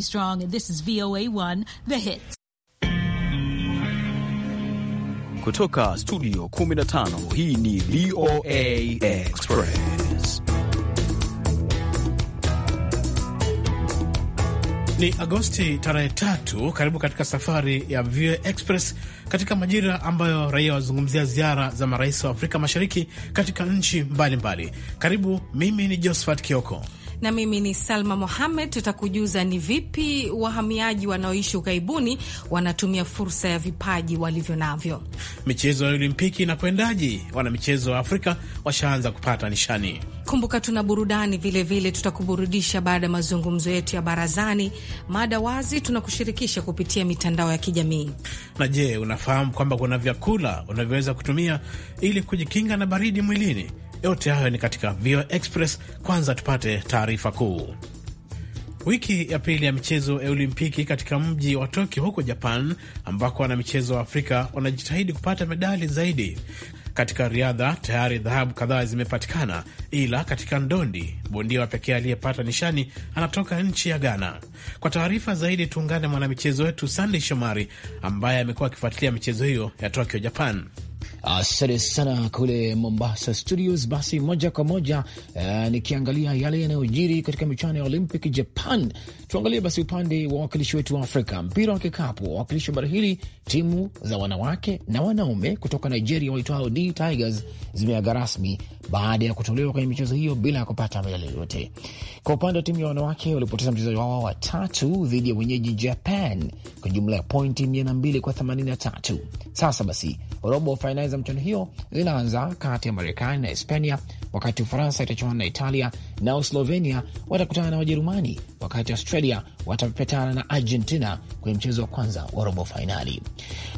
Strong, and this is VOA1, The Hits. Kutoka Studio 15, hii ni VOA Express. Ni Agosti tarehe tatu. Karibu katika safari ya VOA Express katika majira ambayo raia wazungumzia ziara za marais wa Afrika Mashariki katika nchi mbalimbali. Karibu, mimi ni Josephat Kioko na mimi ni Salma Mohamed. Tutakujuza ni vipi wahamiaji wanaoishi ughaibuni wanatumia fursa ya vipaji walivyo navyo. Michezo ya Olimpiki inakwendaji? Wanamichezo wa Afrika washaanza kupata nishani. Kumbuka tuna burudani vilevile, tutakuburudisha baada ya mazungumzo yetu ya barazani. Mada wazi tunakushirikisha kupitia mitandao ya kijamii. Na je, unafahamu kwamba kuna vyakula unavyoweza kutumia ili kujikinga na baridi mwilini? Yote hayo ni katika VOA Express. Kwanza tupate taarifa kuu. Wiki ya pili ya michezo ya Olimpiki katika mji wa Tokyo huko Japan, ambako wanamichezo wa Afrika wanajitahidi kupata medali zaidi. Katika riadha tayari dhahabu kadhaa zimepatikana, ila katika ndondi bondia wa pekee aliyepata nishani anatoka nchi ya Ghana. Kwa taarifa zaidi, tuungane mwanamichezo wetu Sandey Shomari ambaye amekuwa akifuatilia michezo hiyo ya Tokyo, Japan. Asante sana kule Mombasa studios. Basi moja kwa moja uh, nikiangalia yale yanayojiri katika michuano ya Olympic Japan, tuangalie basi upande wa wawakilishi wetu wa Afrika mpira wa kikapu. Wawakilishi wa bara hili timu za wanawake na wanaume kutoka Nigeria waitwao D Tigers zimeaga rasmi baada ya kutolewa kwenye michezo hiyo bila ya kupata medali yoyote. Kwa upande wa timu ya wanawake, walipoteza mchezaji wao watatu dhidi ya wenyeji Japan kwa jumla ya pointi 200 kwa 83. Sasa basi robo finali za michuano hiyo zinaanza kati ya Marekani na Hispania, wakati Ufaransa itachuana na Italia, na Slovenia watakutana na Wajerumani, wakati Australia watapepetana na Argentina kwenye mchezo wa kwanza wa robo fainali.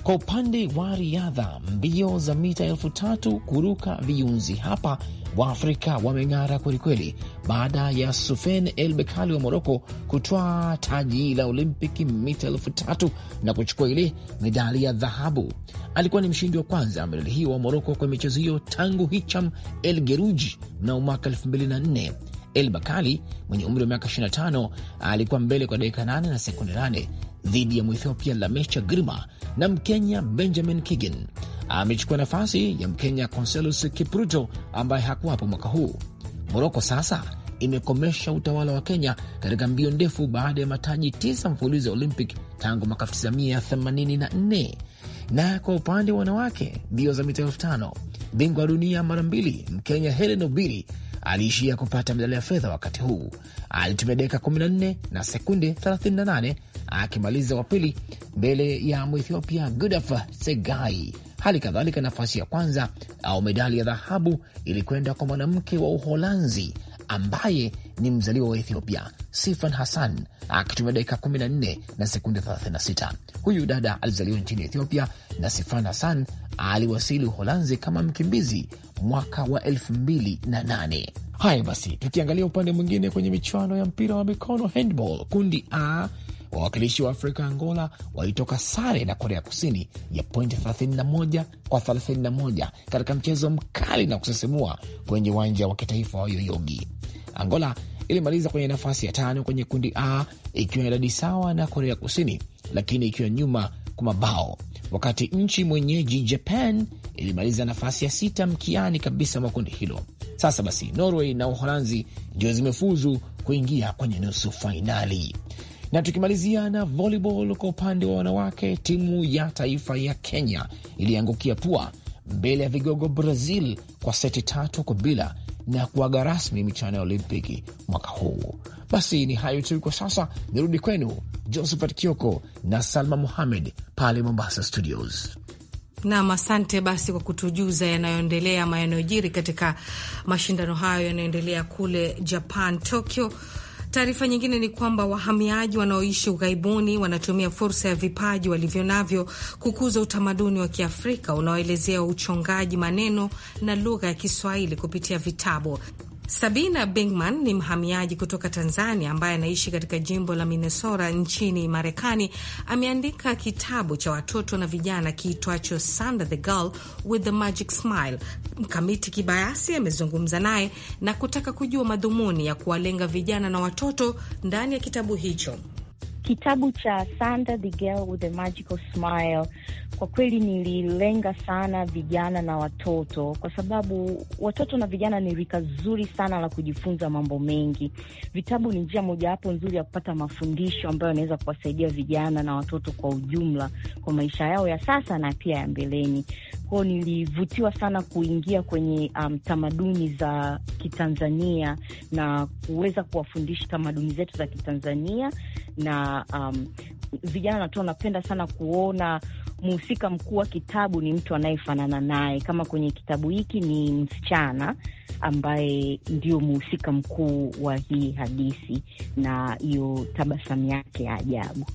Kwa upande wa riadha, mbio za mita elfu tatu kuruka viunzi hapa Waafrika wameng'ara kwelikweli baada ya Sufen El Bekali wa Moroko kutwaa taji la Olimpiki mita elfu tatu na kuchukua ile medali ya dhahabu. Alikuwa ni mshindi wa kwanza medali hiyo wa Moroko kwa michezo hiyo tangu Hicham El Geruji mnamo mwaka nne. El Bakali mwenye umri wa miaka 25 alikuwa mbele kwa dakika 8 na sekunde 8 dhidi ya Mwethiopia Lamesha Grima na Mkenya Benjamin Kigen amechukua nafasi ya Mkenya Conselus Kipruto ambaye hakuwapo mwaka huu. Moroko sasa imekomesha utawala wa Kenya katika mbio ndefu baada ya mataji tisa mfululizo ya Olympic tangu mwaka 1984. Na kwa upande wa wanawake, mbio za mita elfu tano, bingwa wa dunia mara mbili Mkenya Helen Obiri aliishia kupata medali ya fedha. Wakati huu alitumia dakika 14 na sekunde 38, akimaliza wa pili mbele ya Mwethiopia Gudaf Segai Hali kadhalika nafasi ya kwanza au medali ya dhahabu ilikwenda kwa mwanamke wa Uholanzi ambaye ni mzaliwa wa Ethiopia, Sifan Hassan akitumia dakika 14 na sekunde 36. Huyu dada alizaliwa nchini Ethiopia na Sifan Hassan aliwasili Uholanzi kama mkimbizi mwaka wa 2008. Haya basi, tukiangalia upande mwingine kwenye michuano ya mpira wa mikono handball, kundi A Wawakilishi wa Afrika Angola walitoka sare na Korea Kusini ya pointi 31 kwa 31 katika mchezo mkali na kusisimua kwenye uwanja wa kitaifa wa Yoyogi. Angola ilimaliza kwenye nafasi ya tano kwenye kundi A ikiwa idadi sawa na Korea Kusini, lakini ikiwa nyuma kwa mabao, wakati nchi mwenyeji Japan ilimaliza nafasi ya sita mkiani kabisa mwa kundi hilo. Sasa basi, Norway na Uholanzi ndio zimefuzu kuingia kwenye nusu fainali. Na tukimalizia na volleyball, kwa upande wa wanawake, timu ya taifa ya Kenya iliangukia pua mbele ya vigogo Brazil kwa seti tatu kwa bila na kuaga rasmi michuano ya Olimpiki mwaka huu. Basi ni hayo tu kwa sasa, nirudi kwenu Josephat Kioko na Salma Muhamed pale Mombasa Studios. Nam, asante basi kwa kutujuza yanayoendelea ama yanayojiri katika mashindano hayo yanayoendelea kule Japan, Tokyo. Taarifa nyingine ni kwamba wahamiaji wanaoishi ughaibuni wanatumia fursa ya vipaji walivyo navyo kukuza utamaduni wa Kiafrika unaoelezea uchongaji maneno na lugha ya Kiswahili kupitia vitabu. Sabina Bingman ni mhamiaji kutoka Tanzania ambaye anaishi katika jimbo la Minnesota nchini Marekani. Ameandika kitabu cha watoto na vijana kiitwacho Sanda the Girl with the Magic Smile. Mkamiti Kibayasi amezungumza naye na kutaka kujua madhumuni ya kuwalenga vijana na watoto ndani ya kitabu hicho kitabu cha Sanda the Girl with the Magical Smile kwa kweli nililenga sana vijana na watoto, kwa sababu watoto na vijana ni rika zuri sana la kujifunza mambo mengi. Vitabu ni njia mojawapo nzuri ya kupata mafundisho ambayo yanaweza kuwasaidia vijana na watoto kwa ujumla, kwa maisha yao ya sasa na pia ya mbeleni kwao nilivutiwa sana kuingia kwenye um, tamaduni za Kitanzania na kuweza kuwafundisha tamaduni zetu za Kitanzania na um, vijana natu wanapenda sana kuona mhusika mkuu wa kitabu ni mtu anayefanana naye. Kama kwenye kitabu hiki ni msichana ambaye ndio mhusika mkuu wa hii hadithi na hiyo tabasamu yake ya ajabu.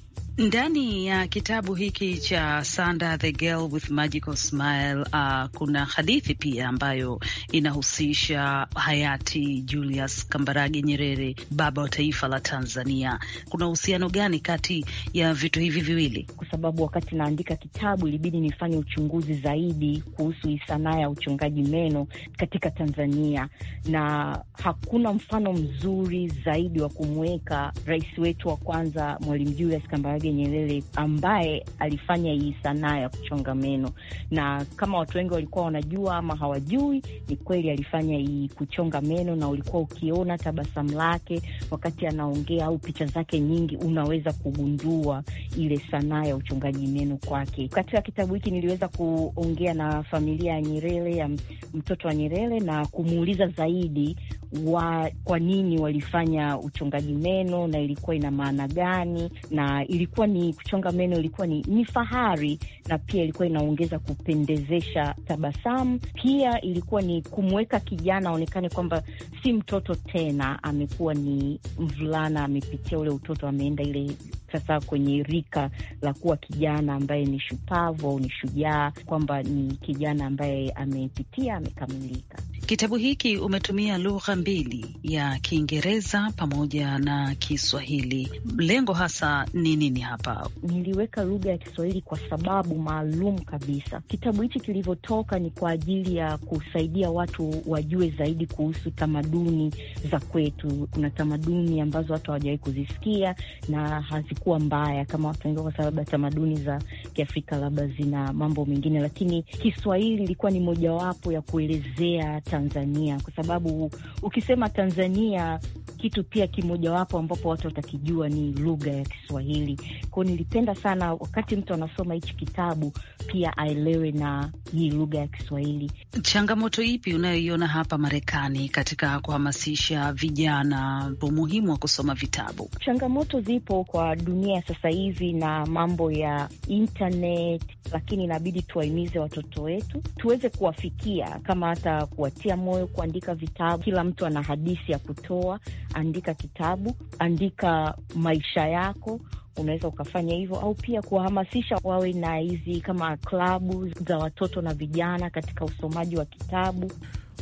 Ndani ya kitabu hiki cha Sanda the Girl with Magical Smile uh, kuna hadithi pia ambayo inahusisha hayati Julius Kambarage Nyerere, baba wa taifa la Tanzania. Kuna uhusiano gani kati ya vitu hivi viwili? Kwa sababu wakati naandika kitabu ilibidi nifanye uchunguzi zaidi kuhusu sanaa ya uchungaji meno katika Tanzania, na hakuna mfano mzuri zaidi wa kumweka rais wetu wa kwanza Mwalimu Julius Kambarage Mwenge Nyerere ambaye alifanya hii sanaa ya kuchonga meno, na kama watu wengi walikuwa wanajua ama hawajui, ni kweli alifanya hii kuchonga meno, na ulikuwa ukiona tabasamu lake wakati anaongea au picha zake nyingi, unaweza kugundua ile sanaa ya uchongaji meno kwake. Katika kitabu hiki niliweza kuongea na familia ya Nyerere, ya mtoto wa Nyerere na kumuuliza zaidi wa kwa nini walifanya uchongaji meno na ilikuwa ina maana gani, na ilikuwa ni kuchonga meno ilikuwa ni, ni fahari na pia ilikuwa inaongeza kupendezesha tabasamu. Pia ilikuwa ni kumweka kijana aonekane kwamba si mtoto tena, amekuwa ni mvulana, amepitia ule utoto, ameenda ile sasa kwenye rika la kuwa kijana ambaye ni shupavu au ni shujaa, kwamba ni kijana ambaye amepitia, amekamilika. Kitabu hiki umetumia lugha mbili ya Kiingereza pamoja na Kiswahili. Lengo hasa ni nini hapa? Niliweka lugha ya Kiswahili kwa sababu maalum kabisa. Kitabu hichi kilivyotoka ni kwa ajili ya kusaidia watu wajue zaidi kuhusu tamaduni za kwetu. Kuna tamaduni ambazo watu hawajawahi kuzisikia na hazikuwa mbaya kama watu wengi, kwa sababu ya tamaduni za Kiafrika labda zina mambo mengine, lakini Kiswahili ilikuwa ni mojawapo ya kuelezea Tanzania, kwa sababu ukisema Tanzania kitu pia kimojawapo ambapo watu watakijua ni lugha ya Kiswahili. Kwao nilipenda sana wakati mtu anasoma hichi kitabu pia aelewe na hii lugha ya Kiswahili. Changamoto ipi unayoiona hapa Marekani katika kuhamasisha vijana umuhimu wa kusoma vitabu? Changamoto zipo kwa dunia sasa hivi na mambo ya internet, lakini inabidi tuwahimize watoto wetu tuweze kuwafikia, kama hata kuwatia moyo kuandika vitabu. Kila mtu ana hadithi ya kutoa andika kitabu, andika maisha yako. Unaweza ukafanya hivyo, au pia kuwahamasisha wawe na hizi kama klabu za watoto na vijana katika usomaji wa kitabu.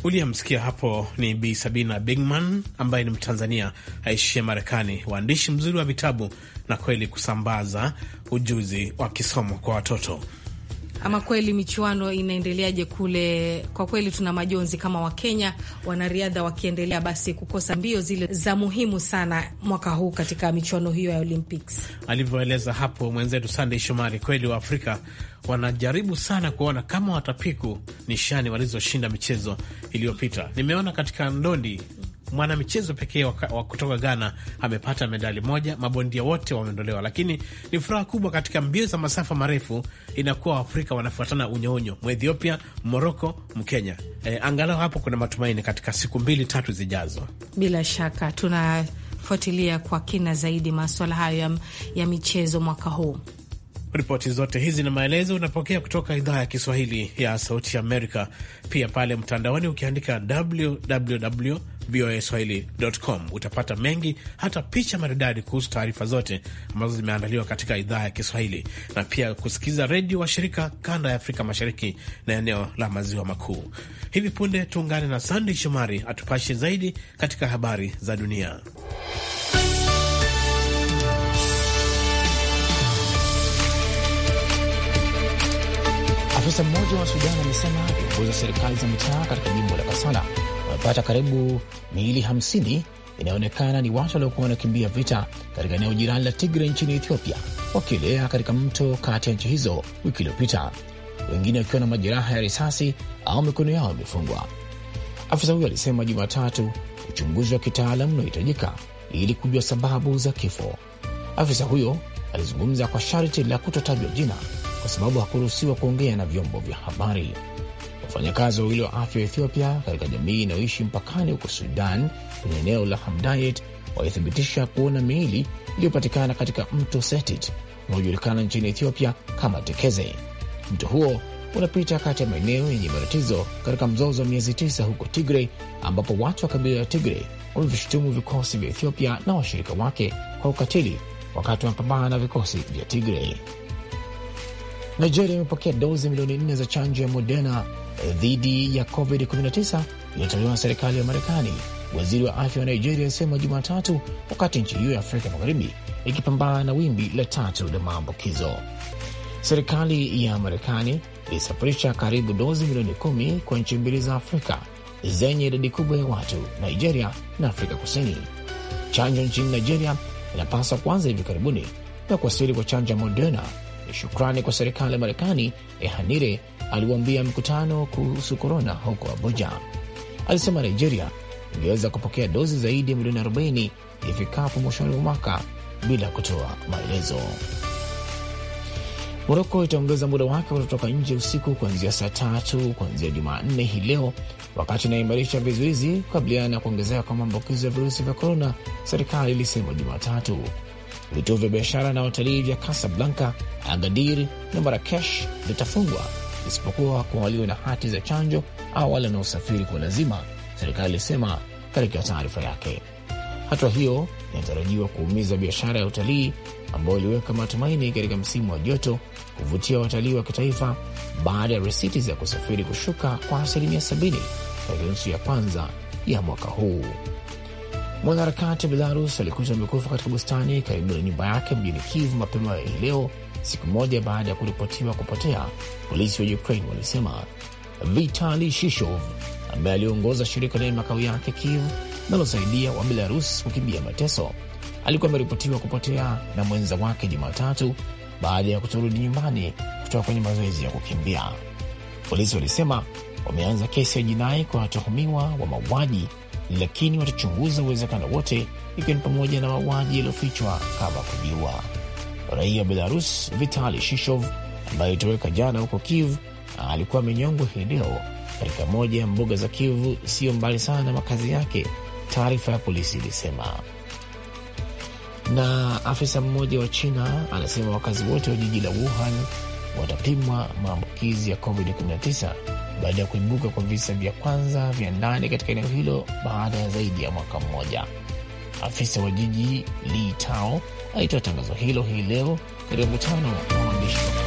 Uliyemsikia hapo ni Bi Sabina Bigman ambaye ni Mtanzania aishie Marekani, waandishi mzuri wa vitabu na kweli kusambaza ujuzi wa kisomo kwa watoto. Ama kweli michuano inaendeleaje kule? Kwa kweli tuna majonzi kama Wakenya wanariadha wakiendelea basi kukosa mbio zile za muhimu sana mwaka huu katika michuano hiyo ya Olympics, alivyoeleza hapo mwenzetu sandey Shomari. Kweli wa Afrika wanajaribu sana kuona kama watapiku nishani walizoshinda michezo iliyopita. Nimeona katika ndondi mwanamichezo pekee wa kutoka Ghana amepata medali moja. Mabondia wote wameondolewa, lakini ni furaha kubwa katika mbio za masafa marefu. Inakuwa Waafrika wanafuatana unyounyo, Mwethiopia, Moroko, Mkenya. E, angalau hapo kuna matumaini katika siku mbili tatu zijazo. Bila shaka tunafuatilia kwa kina zaidi maswala hayo ya, ya michezo mwaka huu. Ripoti zote hizi na maelezo unapokea kutoka idhaa ya Kiswahili ya Sauti Amerika, pia pale mtandaoni ukiandika www voaswahili.com. Swahili.com. Utapata mengi, hata picha maridadi kuhusu taarifa zote ambazo zimeandaliwa katika idhaa ya Kiswahili na pia kusikiza redio wa shirika kanda ya Afrika Mashariki na eneo la maziwa makuu. Hivi punde tuungane na Sandey Shomari atupashe zaidi katika habari za dunia. Afisa mmoja wa Sudan amesema viongozi wa serikali za mitaa katika jimbo la Kasala wamepata karibu miili 50 inayoonekana ni watu waliokuwa wanakimbia vita katika eneo jirani la Tigre nchini Ethiopia, wakielea katika mto kati ya nchi hizo wiki iliyopita, wengine wakiwa na majeraha ya risasi au mikono yao imefungwa. Afisa huyo alisema Jumatatu uchunguzi wa kitaalamu unaohitajika ili kujua sababu za kifo. Afisa huyo alizungumza kwa sharti la kutotajwa jina kwa sababu hakuruhusiwa kuongea na vyombo vya habari. Wafanyakazi wawili wa afya wa Ethiopia katika jamii inayoishi mpakani huko Sudan kwenye eneo la Hamdayet walithibitisha kuona miili iliyopatikana katika mto Setit unaojulikana nchini Ethiopia kama Tekeze. Mto huo unapita kati ya maeneo yenye matatizo katika mzozo wa miezi tisa huko Tigre, ambapo watu wa kabila la tigre wamevishutumu vikosi vya Ethiopia na washirika wake kwa ukatili wakati wanapambana na vikosi vya Tigre. Nigeria imepokea dozi milioni nne za chanjo ya Moderna Eh, dhidi ya COVID-19 iliyotolewa na serikali ya Marekani, waziri wa afya wa Nigeria alisema Jumatatu, wakati nchi hiyo ya Afrika Magharibi ikipambana na wimbi la tatu la maambukizo. Serikali ya Marekani ilisafirisha karibu dozi milioni kumi kwa nchi mbili za Afrika zenye idadi kubwa ya watu, Nigeria na Afrika Kusini. Chanjo nchini Nigeria inapaswa kuanza hivi karibuni na kuwasili kwa chanjo ya Moderna shukrani kwa serikali ya Marekani, Ehanire aliwaambia mkutano kuhusu korona huko Abuja. Alisema Nigeria ingeweza kupokea dozi zaidi ya milioni 40 ifikapo mwishoni mwa mwaka bila kutoa maelezo. Moroko itaongeza muda wake wa kutotoka nje usiku kuanzia saa tatu kuanzia Jumanne hii leo, wakati inaimarisha vizuizi kukabiliana na kuongezeka kwa maambukizo ya virusi vya korona, serikali ilisema Jumatatu vituo vya biashara na watalii vya Kasablanka, Agadir na Marakesh vitafungwa isipokuwa kwa walio na hati za chanjo au wale wanaosafiri kwa lazima, serikali ilisema katika taarifa yake. Hatua hiyo inatarajiwa kuumiza biashara ya utalii ambayo iliweka matumaini katika msimu wa joto kuvutia watalii wa kitaifa baada ya risiti za kusafiri kushuka kwa asilimia 70 katika nusu ya kwanza ya mwaka huu. Mwanaharakati wa Belarus alikuta amekufa katika bustani karibu na nyumba yake mjini Kiev mapema hii leo, siku moja baada ya kuripotiwa kupotea. Polisi wa Ukraine walisema Vitali Shishov ambaye aliongoza shirika lenye makao yake Kiev linalosaidia wa Belarus kukimbia mateso alikuwa ameripotiwa kupotea na mwenza wake Jumatatu baada ya kutorudi nyumbani kutoka kwenye mazoezi ya kukimbia. Polisi walisema wameanza kesi ya jinai kwa watuhumiwa wa mauaji lakini watachunguza uwezekano wote, ikiwa ni pamoja na mauaji yaliyofichwa kama kujiua. Raia wa Belarus Vitali Shishov ambaye alitoweka jana huko Kiev alikuwa amenyongwa hii leo katika moja ya mbuga za Kiev, siyo mbali sana na makazi yake, taarifa ya polisi ilisema. Na afisa mmoja wa China anasema wakazi wote wa jiji la Wuhan watapimwa maambukizi ya COVID-19 baada ya kuibuka kwa visa vya kwanza vya ndani katika eneo hilo baada ya zaidi ya mwaka mmoja. Afisa wa jiji Li Tao alitoa tangazo hilo hii leo katika mkutano wa waandishi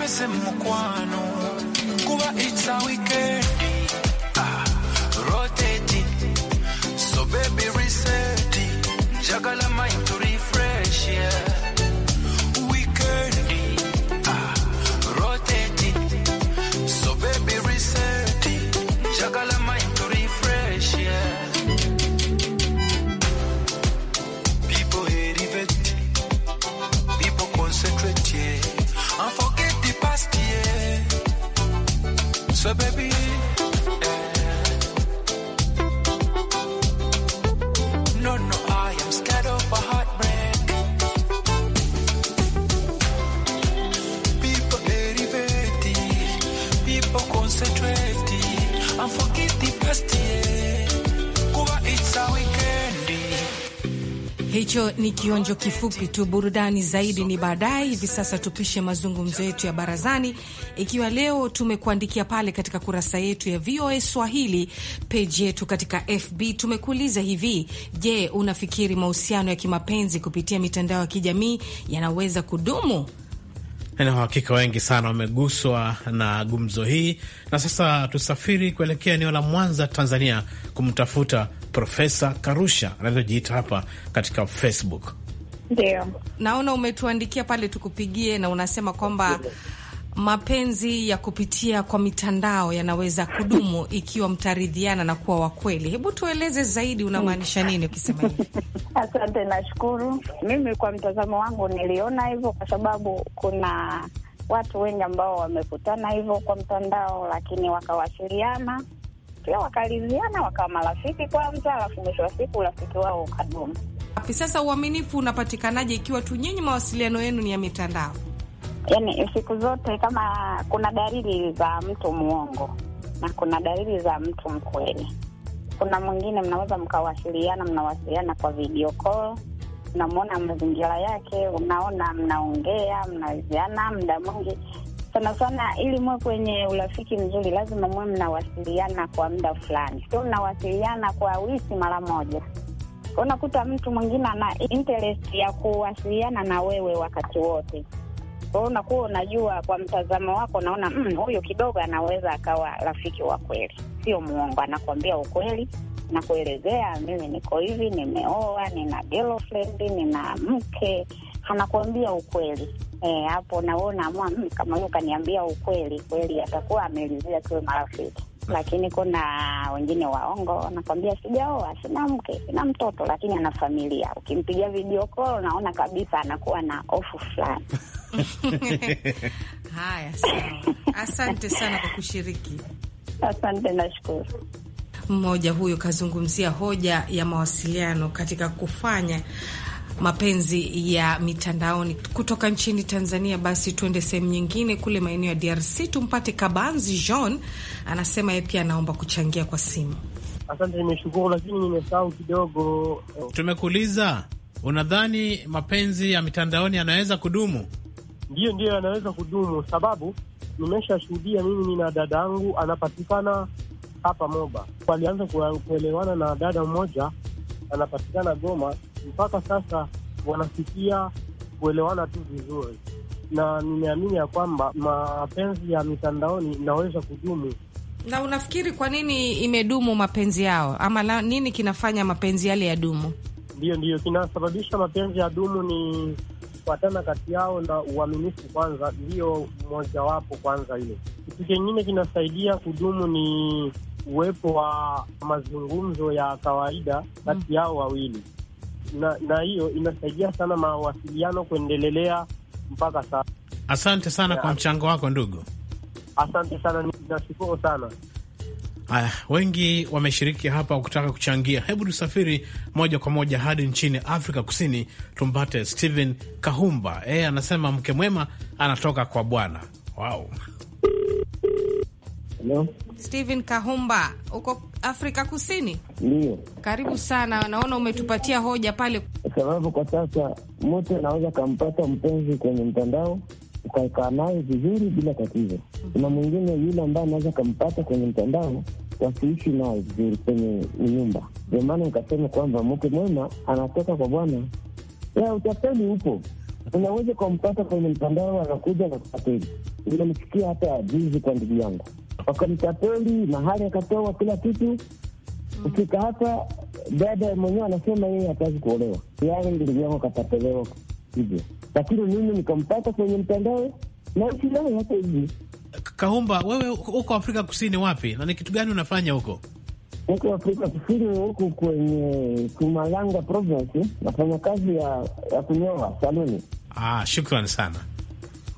mese mukwano kuba it's a ah, so baby reset it jagala So baby, no, no, I am scared of a heartbreak. People people concentrate, and forget the past. Yeah. Cuba, it's how Hicho ni kionjo kifupi tu, burudani zaidi ni baadaye. Hivi sasa tupishe mazungumzo yetu ya barazani, ikiwa leo tumekuandikia pale katika kurasa yetu ya VOA Swahili peji yetu katika FB. Tumekuuliza hivi, je, unafikiri mahusiano ya kimapenzi kupitia mitandao ya kijamii yanaweza kudumu? Na hakika wengi sana wameguswa na gumzo hii, na sasa tusafiri kuelekea eneo la Mwanza, Tanzania, kumtafuta Profesa Karusha anavyojiita hapa katika Facebook. Ndio naona umetuandikia pale tukupigie, na unasema kwamba mapenzi ya kupitia kwa mitandao yanaweza kudumu ikiwa mtaridhiana na kuwa wakweli. Hebu tueleze zaidi, unamaanisha nini ukisema hivi? Asante, nashukuru. Mimi kwa mtazamo wangu niliona hivyo kwa sababu kuna watu wengi ambao wamekutana hivyo kwa mtandao, lakini wakawasiliana pia wakaliziana wakawa marafiki kwanza, alafu mwisho wa siku urafiki wao ukadumu. Sasa uaminifu unapatikanaje ikiwa tu nyinyi mawasiliano yenu ni ya mitandao? yani siku zote kama kuna dalili za mtu mwongo na kuna dalili za mtu mkweli. Kuna mwingine mnaweza mkawasiliana, mnawasiliana kwa video call, unamwona mazingira yake, unaona mnaongea, mnaziana, muda mwingi sana sana, ili mwe kwenye urafiki mzuri, lazima mwe mnawasiliana kwa muda fulani, sio mnawasiliana kwa wiki mara moja. Unakuta mtu mwingine ana interest ya kuwasiliana na wewe wakati wote kwao, unakuwa unajua kwa mtazamo wako, unaona mm, huyu kidogo anaweza akawa rafiki wa kweli, sio mwongo, anakuambia ukweli na kuelezea, mimi niko hivi, nimeoa, nina girlfriend, nina mke anakuambia ukweli eh, hapo na wewe unaamua hmm, kama huyo kaniambia ukweli kweli, atakuwa amelizia tuwe marafiki. Lakini kuna wengine waongo, anakuambia sijaoa, sina mke, sina mtoto, lakini ana familia. Ukimpigia video call, unaona kabisa anakuwa na hofu fulani. Haya, sawa, asante sana kwa kushiriki. Asante, nashukuru. Mmoja huyo kazungumzia hoja ya mawasiliano katika kufanya mapenzi ya mitandaoni. Kutoka nchini Tanzania, basi tuende sehemu nyingine, kule maeneo ya DRC tumpate Kabanzi Jean, anasema yeye pia anaomba kuchangia kwa simu. Asante, nimeshukuru lakini nimesahau kidogo. Tumekuuliza, unadhani mapenzi ya mitandaoni yanaweza kudumu? Ndiyo, ndiyo, yanaweza kudumu, sababu nimeshashuhudia mimi. Nina dada yangu anapatikana hapa Moba, walianza kuelewana na dada mmoja anapatikana Goma, mpaka sasa wanafikia kuelewana tu vizuri, na nimeamini ya kwamba mapenzi ya mitandaoni inaweza kudumu. Na unafikiri kwa nini imedumu mapenzi yao, ama la, nini kinafanya mapenzi yale ya dumu? Ndiyo, ndiyo kinasababisha mapenzi ya dumu ni kufuatana kati yao na uaminifu kwanza, ndiyo mmojawapo kwanza. Ile kitu kingine kinasaidia kudumu ni uwepo wa mazungumzo ya kawaida kati mm. yao wawili, na hiyo inasaidia sana mawasiliano kuendelelea mpaka sasa. Asante sana kwa mchango wako ndugu, asante sana, nashukuru sana. Haya, wengi wameshiriki hapa kutaka kuchangia. Hebu tusafiri moja kwa moja hadi nchini Afrika Kusini, tumpate stehen Kahumba. Yeye anasema mke mwema anatoka kwa Bwana. Wow. Hello. Steven Kahumba uko Afrika Kusini? Ndio. Karibu sana, naona umetupatia hoja pale, kwa sababu kwa sasa mtu anaweza kampata mpenzi kwenye mtandao ukakaa naye vizuri bila tatizo. Kuna mwingine yule ambaye anaweza kampata kwenye mtandao wasiishi naye vizuri kwenye nyumba. Ndio maana nikasema kwamba mke mwema anatoka kwa bwana. Utapeli upo, unaweza ukampata kwenye mtandao, anakuja na kupateli. Nimemsikia hata ajizi kwa ndugu yangu wakamtapeli mahali, akatoa kila kitu. Kufika hapa, dada mwenyewe anasema yeye hataki kuolewa, yale yaani ndugu yangu akatapelewa hivyo, lakini mimi nikampata kwenye mtandao naishi naye hata hivi. Kahumba, wewe huko Afrika Kusini wapi, na ni kitu gani unafanya huko? Huko Afrika Kusini huku kwenye Kumalanga province, nafanya kazi ya ya kunyoa saluni. Ah, shukran sana.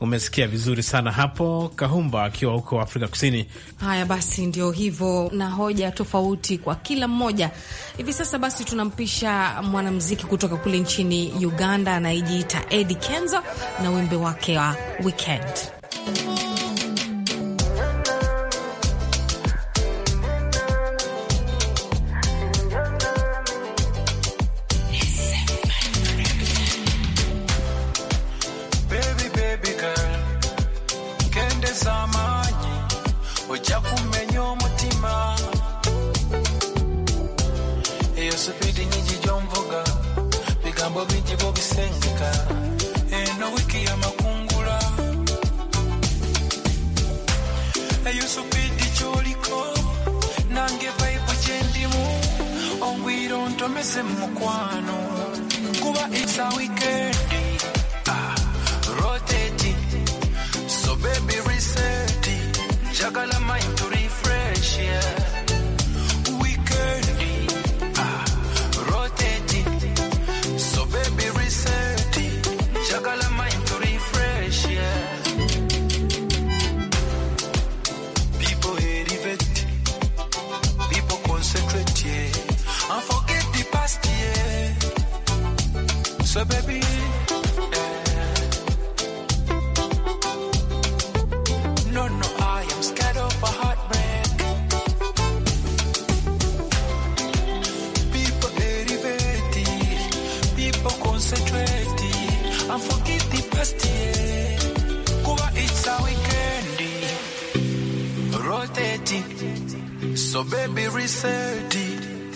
Umesikia vizuri sana hapo Kahumba akiwa huko Afrika Kusini. Haya basi, ndio hivyo na hoja tofauti kwa kila mmoja. Hivi sasa basi tunampisha mwanamuziki kutoka kule nchini Uganda anayejiita Eddie Kenzo na wimbo wake wa Weekend. it's all weekend.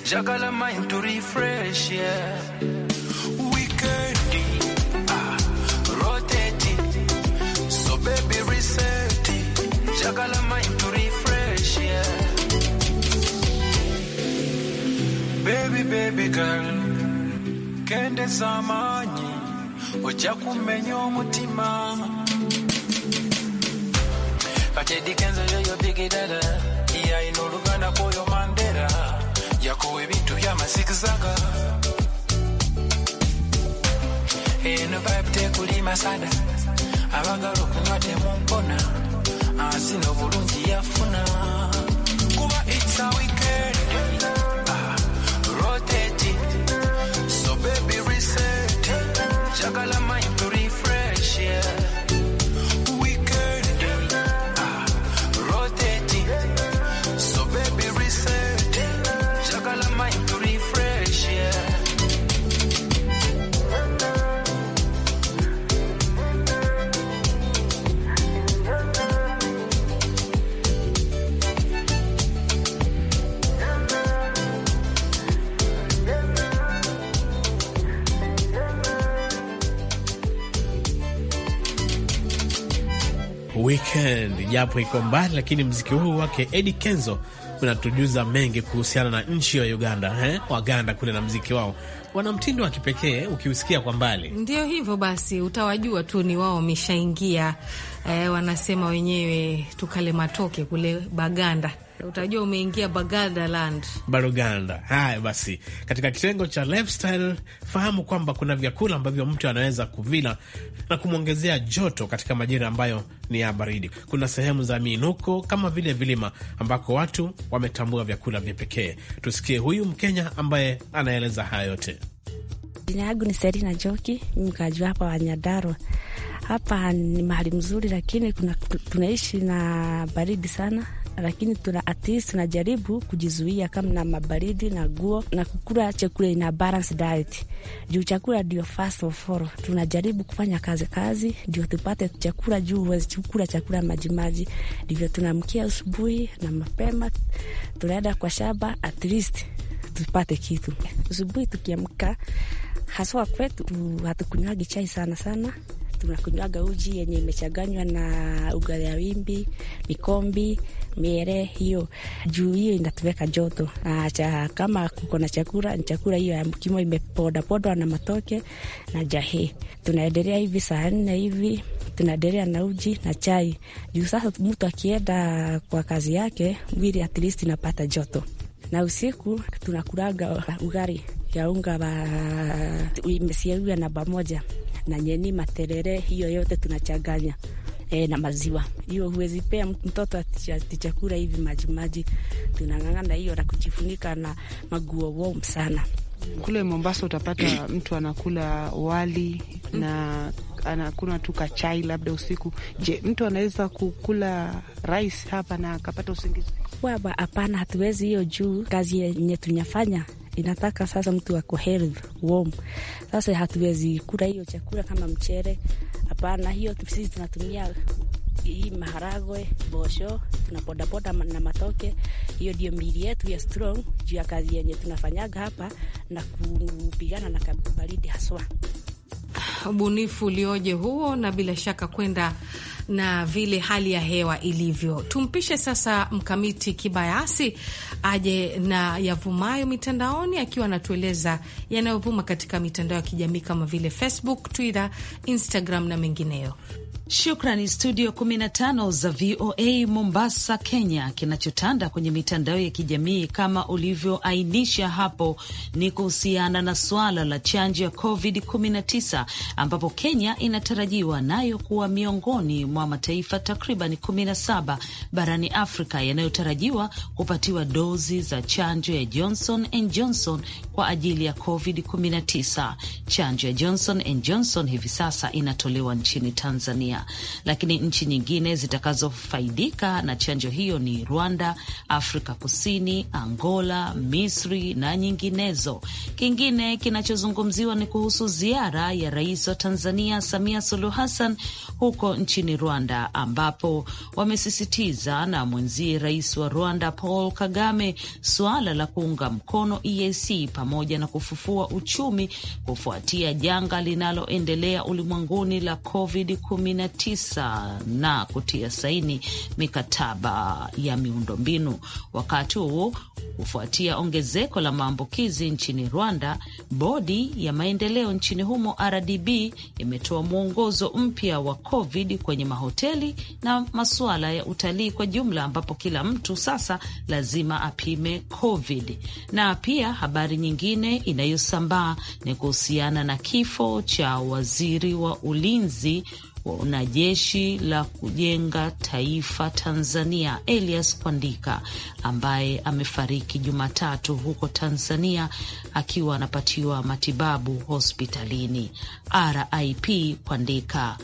Shagala mind to refresh, yeah. Weekend, ah, uh, rotate So baby reset it. mind to refresh, yeah. Baby, baby girl, kende zamanyi, oja kumenya omutima. Kachedi kenzo yoyo bigidala, iya inoluganda koyo mandera. yakowa ebintu byamazigzaga eno vaibutekulimasada abagala okunywa temumpona azina obulungi yafuna kuba it's how it japo iko mbali, lakini mziki huu wake Eddie Kenzo unatujuza mengi kuhusiana na nchi ya Uganda eh? Waganda kule na mziki wao wana mtindo wa kipekee ukiusikia kwa mbali. Ndio hivyo basi, utawajua tu ni wao wameshaingia. Eh, wanasema wenyewe tukale matoke kule Baganda utajua umeingia Baganda land. Baruganda. Haya basi, katika kitengo cha lifestyle, fahamu kwamba kuna vyakula ambavyo mtu anaweza kuvila na kumwongezea joto katika majira ambayo ni ya baridi. Kuna sehemu za miinuko kama vile vilima ambako watu wametambua vyakula vya pekee. Tusikie huyu Mkenya ambaye anaeleza haya yote. Jina yangu ni Serina Joki, mkaaji hapa wa Nyadaro. Hapa ni mahali mzuri, lakini kuna tunaishi na baridi sana lakini tuna at least tunajaribu kujizuia kama na mabaridi na guo na kukula chakula ina balance diet, juu chakula ndio first of all. Tunajaribu kufanya kazi kazi ndio tupate chakula, juu huwezi kula chakula majimaji. Ndivyo tunamkia asubuhi na mapema, tunaenda kwa shamba at least tupate kitu asubuhi tukiamka. Haswa kwetu hatukunywagi chai sana sana tunakunywaga uji yenye imechanganywa na ugali ya wimbi, mikombi, miere. Hiyo juu hiyo inatuweka joto. Acha ah, kama kuko na chakula, chakula hiyo ya mkimo imepodapodwa na matoke na jahe. Tunaendelea hivi saa nne hivi tunaendelea na uji na chai juu sasa mtu akienda kwa kazi yake mwili at least inapata joto na usiku tunakulaga ugari ya unga imesiawiwa namba moja na nyeni, materere, hiyo yote tunachanganya e, na maziwa. Hiyo huwezi pea mtoto atichakula hivi majimaji, tunang'ang'ana hiyo na kujifunika na maguo warm sana. Kule Mombasa utapata mtu anakula wali na anakuna tu kachai labda usiku. Je, mtu anaweza kukula rice hapa na akapata usingizi? Waba, hapana, hatuwezi hiyo juu kazi yenye tunyafanya inataka sasa mtu ako health warm. Sasa hatuwezi kula hiyo chakula kama mchere, hapana. Hiyo sisi tunatumia hii maharagwe, bosho, tunapodapoda na matoke. Hiyo ndio mili yetu ya strong, juu ya kazi yenye tunafanyaga hapa na kupigana na kabaridi haswa. Ubunifu ulioje huo, na bila shaka kwenda na vile hali ya hewa ilivyo. Tumpishe sasa Mkamiti Kibayasi aje na yavumayo mitandaoni, akiwa anatueleza yanayovuma katika mitandao ya kijamii kama vile Facebook, Twitter, Instagram na mengineyo. Shukrani studio 15 za VOA Mombasa, Kenya. Kinachotanda kwenye mitandao ya kijamii kama ulivyoainisha hapo ni kuhusiana na suala la chanjo ya COVID-19 ambapo Kenya inatarajiwa nayo kuwa miongoni mwa mataifa takriban 17 barani Afrika yanayotarajiwa kupatiwa dozi za chanjo ya Johnson and Johnson kwa ajili ya COVID-19. Chanjo ya Johnson and Johnson hivi sasa inatolewa nchini Tanzania. Tanzania, lakini nchi nyingine zitakazofaidika na chanjo hiyo ni Rwanda, Afrika Kusini, Angola, Misri na nyinginezo. Kingine kinachozungumziwa ni kuhusu ziara ya rais wa Tanzania Samia Suluhu Hassan huko nchini Rwanda, ambapo wamesisitiza na mwenzie rais wa Rwanda Paul Kagame suala la kuunga mkono EAC pamoja na kufufua uchumi kufuatia janga linaloendelea ulimwenguni la COVID-19. 9 na kutia saini mikataba ya miundombinu. Wakati huo kufuatia ongezeko la maambukizi nchini Rwanda, bodi ya maendeleo nchini humo RDB imetoa mwongozo mpya wa COVID kwenye mahoteli na masuala ya utalii kwa jumla, ambapo kila mtu sasa lazima apime COVID. Na pia habari nyingine inayosambaa ni kuhusiana na kifo cha waziri wa ulinzi na jeshi la kujenga taifa Tanzania, Elias Kwandika ambaye amefariki Jumatatu huko Tanzania akiwa anapatiwa matibabu hospitalini. RIP Kwandika.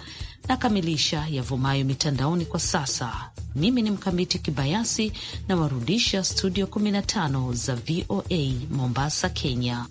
Nakamilisha yavumayo mitandaoni kwa sasa. Mimi ni Mkamiti Kibayasi, nawarudisha studio 15 za VOA Mombasa, Kenya.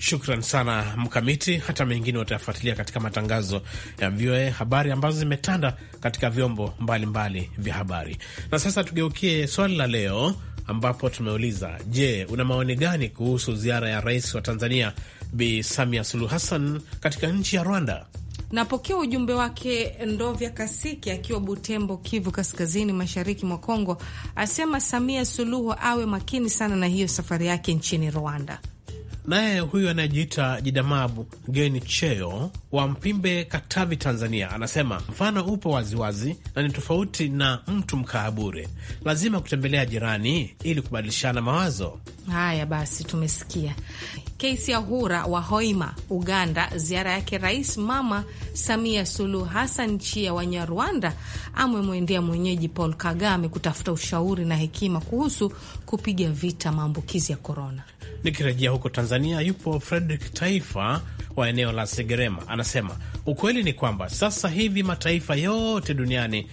Shukran sana Mkamiti. Hata mengine watayafuatilia katika matangazo ya VOA habari ambazo zimetanda katika vyombo mbalimbali vya habari. Na sasa tugeukie swali la leo, ambapo tumeuliza je, una maoni gani kuhusu ziara ya rais wa Tanzania Bi Samia Suluhu Hassan katika nchi ya Rwanda? Napokea ujumbe wake Ndovya Kasiki akiwa Butembo, Kivu Kaskazini, mashariki mwa Kongo, asema Samia Suluhu awe makini sana na hiyo safari yake nchini Rwanda. Naye huyu anayejiita Jidamabu Geni Cheo wa Mpimbe, Katavi, Tanzania, anasema mfano upo waziwazi wazi, na ni tofauti na mtu mkaa bure, lazima kutembelea jirani ili kubadilishana mawazo. Haya basi, tumesikia kesi ya Hura wa Hoima, Uganda, ziara yake Rais Mama Samia Suluhu Hassan Chia wanya rwanda amemwendea mwenyeji Paul Kagame kutafuta ushauri na hekima kuhusu kupiga vita maambukizi ya korona. Nikirejea huko Tanzania, yupo fredrik Taifa wa eneo la Segerema, anasema ukweli ni kwamba sasa hivi mataifa yote duniani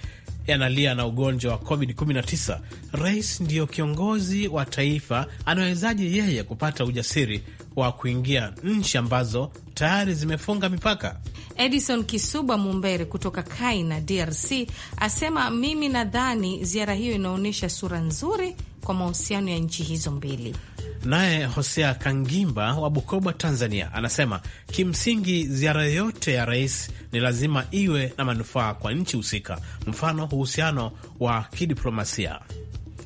yanalia na ugonjwa wa COVID-19. Rais ndiyo kiongozi wa taifa, anawezaje yeye kupata ujasiri wa kuingia nchi ambazo tayari zimefunga mipaka? Edison Kisuba Mumbere kutoka Kaina, DRC, asema mimi nadhani ziara hiyo inaonyesha sura nzuri kwa mahusiano ya nchi hizo mbili. Naye Hosea Kangimba wa Bukoba, Tanzania, anasema kimsingi ziara yoyote ya rais ni lazima iwe na manufaa kwa nchi husika, mfano uhusiano wa kidiplomasia.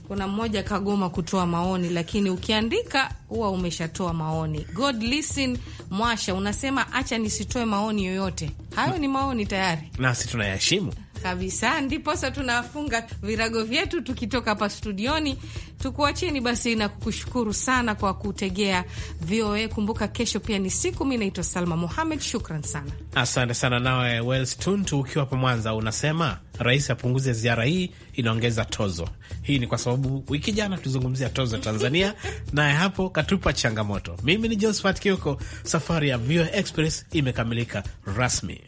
Kuna mmoja kagoma kutoa maoni, lakini ukiandika huwa umeshatoa maoni. God listen Mwasha unasema acha nisitoe maoni yoyote, hayo ni maoni tayari, nasi tunayaheshimu kabisa. Ndiposa tunafunga virago vyetu tukitoka hapa studioni, tukuachieni basi na kukushukuru sana kwa kutegea VOA. Kumbuka kesho pia ni siku. Mi naitwa Salma Mohamed, shukran sana, asante sana. Nawe Wels Tuntu ukiwa hapo Mwanza unasema rais apunguze ziara hii, inaongeza tozo. Hii ni kwa sababu wiki jana tulizungumzia tozo Tanzania, naye hapo katupa changamoto. Mimi ni Josephat Kioko, safari ya VOA Express imekamilika rasmi.